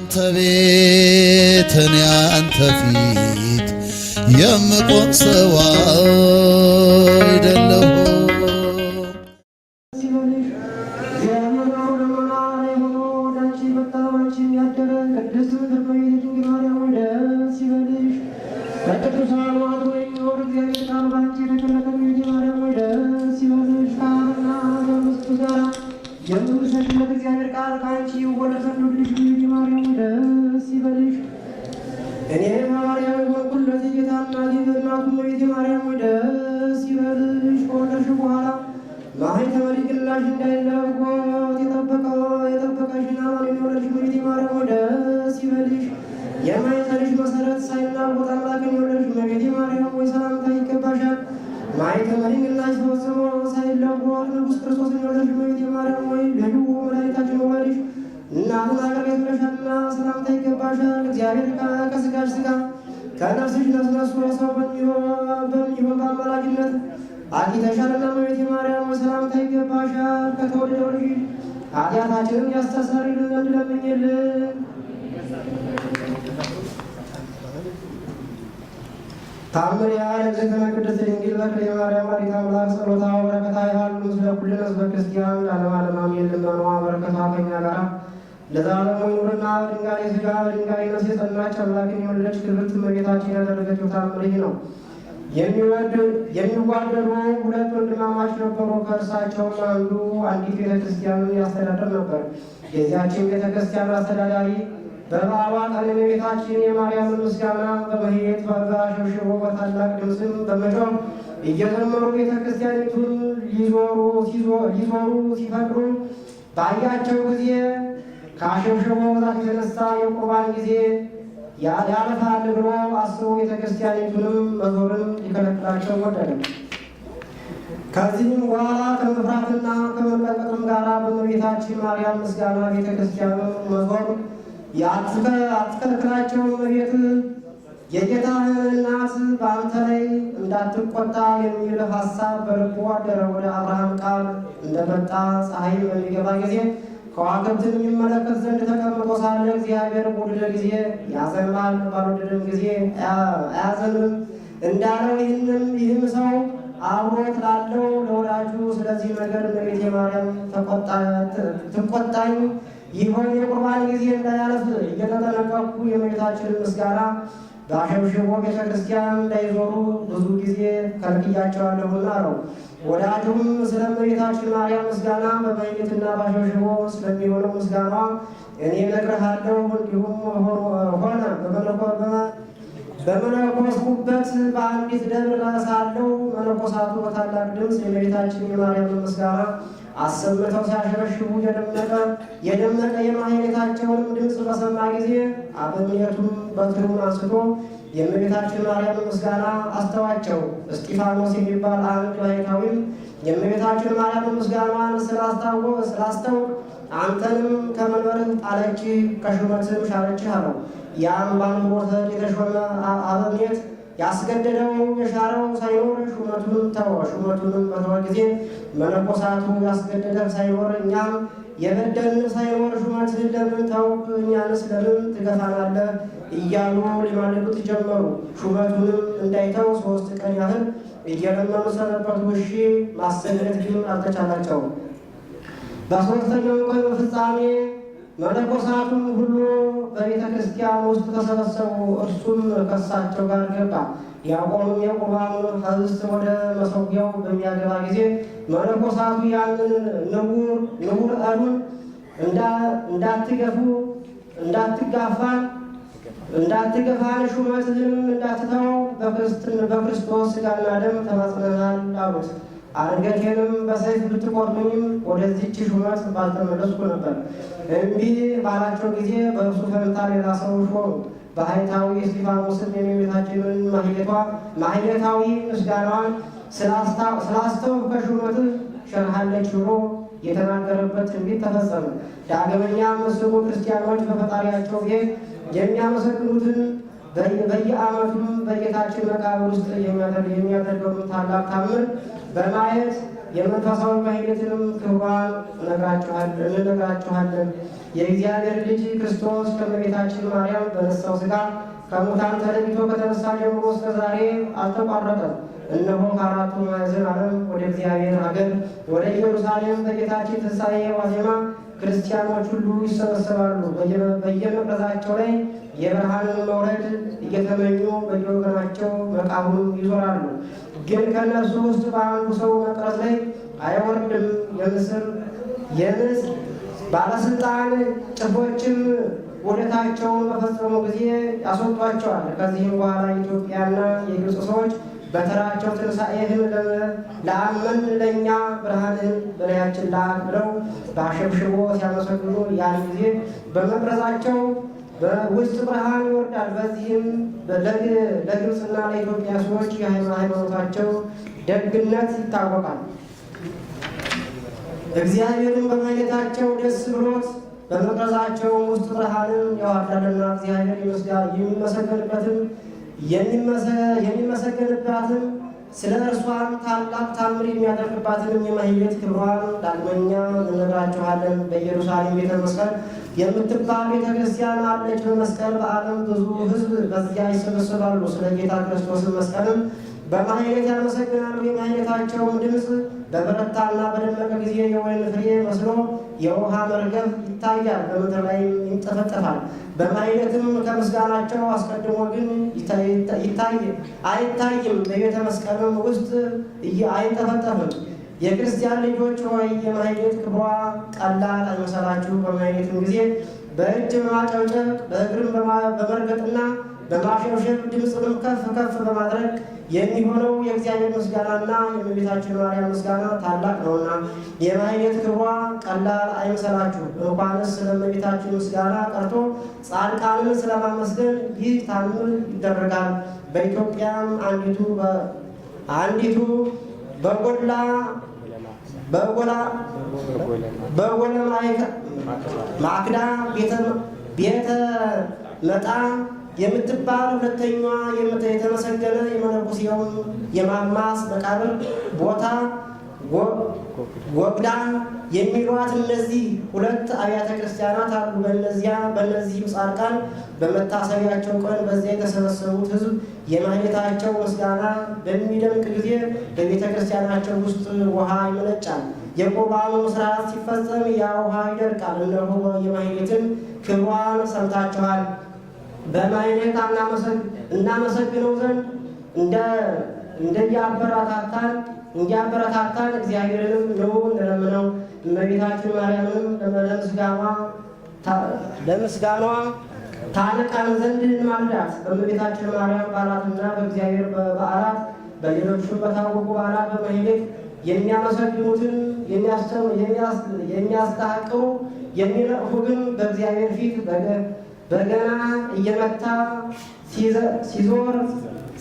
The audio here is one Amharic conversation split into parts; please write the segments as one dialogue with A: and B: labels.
A: አንተ ቤት እኔ አንተ ፊት የምቆም ሰው አይደለሁ።
B: ቅዱሳን በላሽ እንዳይለወጥ የጠበቀው የጠበቀሽ ነው። የኖረሽ ምሽት ደስ ይበልሽ። የማይጸንሽ መሰረት ሳይናወጥ አምላክን የወለድሽ እመቤቴ ማርያም ወይ ሰላምታ ይገባሻል። ማኅተመ ድንግልናሽ ተፈጽሞ ሳይለወጥ ንጉሥ ክርስቶስን የወለድሽ እመቤቴ ማርያም ወይ ለልዑ መድኃኒታችን መውለድሽ እናቱን አገር ያስረሻልና ሰላምታ ይገባሻል። እግዚአብሔር ከሥጋሽ ሥጋ ከነፍስሽ ነፍስ ነሱ የሰው በሚሆን በአማላጅነት አግኝተሻልና እመቤቴ ማርያም ሰላምታ ይገባሻል። ከተወደደው ልጅ ኃጢአታችንን ያስተሰርይ ዘንድ ለምኝልን። ታምር ለእግዝእትነ ቅድስት ድንግል በክለ ማርያም ወላዲተ አምላክ ጸሎታ በረከታ ይሃሉ ምስለ ኩልነ ሕዝበ ክርስቲያን ለዓለመ ዓለም አሜን። ልመኗ በረከቷ ከእኛ ጋር ለዘላለሙ ይኑርና በድንጋሌ ስጋ በድንጋሌ ነፍስ የጸናች አምላክን የወለደች ክብርት እመቤታችን ያደረገችው ታምር ይህ ነው። የሚዋደዱ ሁለት ወንድማማች ነበሩ። ከእርሳቸው አንዱ አንዲት ቤተክርስቲያኑን ያስተዳደር ነበር። የዚያችን ቤተክርስቲያን አስተዳዳሪ በበዓሏ ቀን የማርያም ምስጋና በመሄድ ፈርዳ ሸብሽቦ በታላቅ ድምፅም በመጮም እየዘመሩ ቤተክርስቲያኒቱን ሊዞሩ ሲፈቅዱ ባያቸው ጊዜ ከአሸብሽቦ ብዛት የተነሳ የቁርባን ጊዜ ያዳርፋል ብሎ አስቦ ቤተክርስቲያኒቱንም መዞርን ሊከለክላቸው ወደደ። ከዚህም በኋላ ከመፍራትና ከመጠንቀቅም ጋር በእመቤታችን ማርያም ምስጋና ቤተክርስቲያንን መዞር አትከልክላቸው። እመቤት የጌታህን እናት በአንተ ላይ እንዳትቆጣ የሚል ሀሳብ በልቡ አደረ። ወደ አብርሃም ቃል እንደመጣ ፀሐይ በሚገባ ጊዜ ከዋክብትን የሚመለከት ዘንድ ተቀምጦ ሳለ እግዚአብሔር በወደደ ጊዜ ያዘንባል፣ ባልወደደም ጊዜ አያዘንብም እንዳለው ይህንም ይህም ሰው አብሮት ላለው ለወዳጁ ስለዚህ ነገር እመቤቴ ማርያም ትቆጣኝ ይሆን የቁርባን ጊዜ እንዳያለፍ እየተጠነቀቅኩ የእመቤታችንን ምስጋና በአሸብሽቦ ቤተክርስቲያን ክርስቲያን እንዳይዞሩ ብዙ ጊዜ ቃል ብያቸዋለሁና ወዳጁም ስለ እመቤታችን ማርያም ምስጋና በበይትና ባሸሽቦ ስለሚሆነው ምስጋና እኔ እነግርሃለሁ። እንዲሁም ሆነ በመነኮስኩበት በአንዲት ደብር ሳለሁ መነኮሳቱ በታላቅ ድምፅ የእመቤታችን የማርያም ምስጋና አሰምተው ሲያሸበሽቡ የደመቀ የደመቀ የማኅሌታቸውንም ድምፅ በሰማ ጊዜ አበምኔቱም በትሩን አንስቶ የእመቤታችን ማርያም ምስጋና አስተዋቸው። እስጢፋኖስ የሚባል አንድ ባሕታዊም የእመቤታችን ማርያም ምስጋናዋን ስላስታወ ስላስተውቅ አንተንም ከመንበርህ ጣለችህ፣ ከሹመትህም ሻረችህ አለው። የአምባን ቦርተድ የተሾመ አበምኔት ያስገደደው የሻረው ሳይኖር ሹመቱን ተወ። ሹመቱንም በተወ ጊዜ መነኮሳቱ ያስገደደ ሳይኖር እኛም የበደን ሳይኖር ሹመት ለምን ተውክ? እኛንስ ለምን ትገፋናለህ? እያሉ ሊማልዱት ጀመሩ። ሹመቱንም እንዳይተው ሶስት ቀን ያህል እየለመኑ ሰነበቱ። እሺ ማሰግደት ግን አልተቻላቸውም። በሦስተኛው ቀን በፍጻሜ መነኮሳቱም ሁሉ በቤተ ክርስቲያን ውስጥ ተሰበሰቡ። እርሱም ከእሳቸው ጋር ገባ። ያዕቆብም የቁርባኑን ኅብስት ወደ መሰዊያው በሚያገባ ጊዜ መነኮሳቱ ያንን ንቡር ዕሩን እንዳትገፉ እንዳትጋፋን እንዳትገፋን ሹመትንም እንዳትተው በክርስቶስ ሥጋና ደም ተማጽነናል አሉት። አንገቴንም በሰይፍ ብትቆርጡኝም ወደዚች ሹመት ባልተመለስኩ ነበር። እምቢ ባላቸው ጊዜ በእርሱ ፈንታ ሌላ ሰው ሾሙ። በሀይታዊ እስጢፋኖስም የሚቤታችንን ማህሌቷ ማህሌታዊ ምስጋናዋን ስላስተውህ ከሹመትህ ሸርሃለች ብሎ የተናገረበት ትንቢት ተፈጸመ። ዳግመኛም ምስሉ ክርስቲያኖች በፈጣሪያቸው ቤት የሚያመሰግኑትን በየአመቱ በጌታችን መቃብር ውስጥ የሚያደርገውን ታላቅ ታምር በማየት የመንፈሳዊ ማህሌትንም ክብሯን እንነግራችኋለን። የእግዚአብሔር ልጅ ክርስቶስ ከመቤታችን ማርያም በነሳው ስጋ ከሙታን ተለይቶ ከተነሳ ጀምሮ እስከ ዛሬ አልተቋረጠም። እነሆ ከአራቱ ማዕዘን ዓለም ወደ እግዚአብሔር ሀገር ወደ ኢየሩሳሌም በጌታችን ትንሣኤ ዋዜማ ክርስቲያኖች ሁሉ ይሰበሰባሉ። በየመቅረዛቸው ላይ የብርሃንን መውረድ እየተመኙ በየወገናቸው መቃብሩን ይዞራሉ። ግን ከእነርሱ ውስጥ በአንዱ ሰው መቅረዝ ላይ አይወርድም። የምስር የምስ ባለስልጣን ጭፎችም ውደታቸውን በፈጸሙ ጊዜ ያስወጧቸዋል። ከዚህም በኋላ ኢትዮጵያና የግብፅ ሰዎች በተራቸው ትንሣኤህን ለአመን ለእኛ ብርሃንህን በላያችን ላክ ብለው በአሸብሽቦ ሲያመሰግኑ ያን ጊዜ በመቅረጻቸው በውስጥ ብርሃን ይወርዳል። በዚህም ለግብፅና ለኢትዮጵያ ሰዎች የሃይማኖታቸው ደግነት ይታወቃል። እግዚአብሔርን በማግኘታቸው ደስ ብሎት በመቅረዛቸው ውስጥ ብርሃንን ያወርዳልና እግዚአብሔር የሚመሰገንበትም የሚመሰገንባትን ስለ እርሷን ታላቅ ታምር የሚያደርግባትንም የማህሌት ክብሯን ዳግመኛ እንነግራችኋለን። በኢየሩሳሌም ቤተ መስቀል የምትባል ቤተ ክርስቲያን አለች። በመስቀል በዓለም ብዙ ሕዝብ በዚያ ይሰበሰባሉ። ስለ ጌታ ክርስቶስን መስቀልም በማህሌት ያመሰግናሉ። የማህሌታቸውን ድምፅ በበረታና በደመቀ ጊዜ የወይን ፍሬ መስሎ የውሃ መርገፍ ይታያል፣ በምድር ላይ ይንጠፈጠፋል። በማይነትም ከምስጋናቸው አስቀድሞ ግን ይታይ አይታይም፣ በቤተ መስቀልም ውስጥ አይንጠፈጠፍም። የክርስቲያን ልጆች ሆይ የማይነት ክብሯ ቀላል አይመሰላችሁ። በማይነትም ጊዜ በእጅ በማጨብጨብ በእግርም በመርገጥና በማሸብሸብ ድምፅንም ከፍ ከፍ በማድረግ የሚሆነው የእግዚአብሔር ምስጋናና የእመቤታችን ማርያም ምስጋና ታላቅ ነውና የማኅሌት ክብሯ ቀላል አይመሰላችሁ። እንኳንስ ስለ እመቤታችን ምስጋና ቀርቶ ጻድቃንን ስለማመስገን ይህ ታምር ይደረጋል። በኢትዮጵያም አንዲቱ አንዲቱ በጎላ በጎላ በጎላ ማክዳ ቤተ መጣ የምትባል ሁለተኛዋ የተመሰገነ የመነኩሴው የማማስ መቃብር ቦታ ጎግዳን የሚሏት እነዚህ ሁለት አብያተ ክርስቲያናት አሉ። በነዚያ በነዚህም ጻድቃን በመታሰቢያቸው ቀን በዚያ የተሰበሰቡት ሕዝብ የማኅሌታቸው ምስጋና በሚደምቅ ጊዜ በቤተ ክርስቲያናቸው ውስጥ ውሃ ይመነጫል። የቁርባኑ ስርዓት ሲፈጸም ያ ውሃ ይደርቃል። እነሆ የማኅሌትን ክብሯን ሰምታችኋል። በማይነታ እናመሰግነው ዘንድ እንደያበረታታን እንዲያበረታታን እግዚአብሔርንም ነው እንለምነው። እመቤታችን ማርያምንም ለምስጋኗ ታነቃን ዘንድ እንማልዳት። በእመቤታችን ማርያም በዓላትና በእግዚአብሔር በዓላት በሌሎቹ በታወቁ በዓላት በመሄድ የሚያመሰግኑትን የሚያስጠህቅሩ የሚነቅፉ ግን በእግዚአብሔር ፊት በገና እየመታ ሲዞር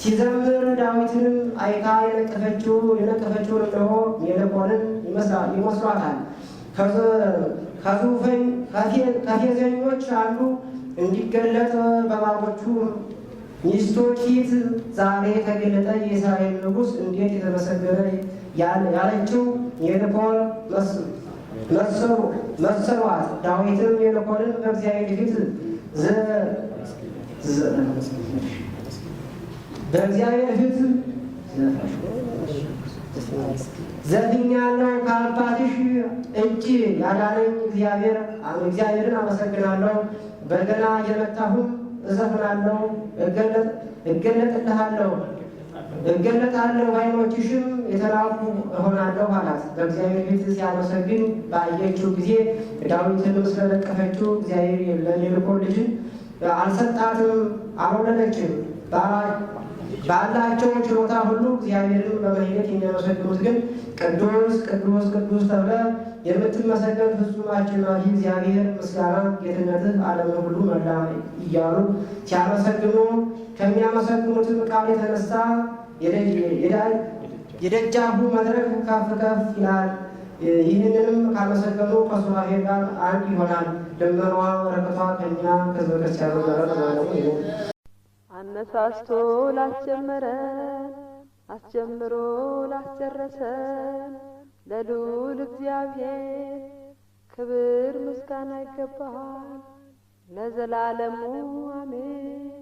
B: ሲዘምር ዳዊትንም አይታ የነቀፈችው የነቀፈችውን እነሆ ሜለኮንን ይመስሏታል። ከፌዘኞች አንዱ እንዲገለጥ በባቦቹ ሚስቶች ፊት ዛሬ ተገለጠ የእስራኤል ንጉሥ እንዴት የተመሰገነ ያለችው መሰሩ መሰሯት። ዳዊትም ሜልኮልን በእግዚአብሔር ፊት በእግዚአብሔር ፊት ዘፍኛለሁ። ከአባትሽ እጅ ያዳነኝ እግዚአብሔር እግዚአብሔርን አመሰግናለሁ። በገና እየመታሁም እዘፍናለሁ፣ እገለጥልሃለሁ እገለጣለሁ ባይኖችሽም የተላኩ እሆናለሁ አላት። በእግዚአብሔር ፊት ሲያመሰግን ባየችው ጊዜ ዳዊትንም ስለለቀፈችው እግዚአብሔር ለኔልኮ ልጅን አልሰጣትም፣ አልወለደችም። ባላቸው ችሎታ ሁሉ እግዚአብሔርን በመሄደት የሚያመሰግኑት ግን ቅዱስ ቅዱስ ቅዱስ ተብለ የምትመሰገን ፍጹም አሸናፊ እግዚአብሔር ምስጋና ጌትነትህ ዓለምን ሁሉ መላ እያሉ ሲያመሰግኑ ከሚያመሰግኑትም ቃል የተነሳ የደጃሁ መድረክ ከፍ ከፍ ይላል። ይህንንም ካመሰገኑ ከሱባኤ ጋር አንድ ይሆናል። ደመኗ ረከቷ ከኛ ከህዝበ ክርስቲያኑ ጋር ማለት ነው። አነሳስቶ ላስጀመረን አስጀምሮ ላስጨረሰን ለልዑል እግዚአብሔር ክብር ምስጋና ይገባል ለዘላለሙ አሜን።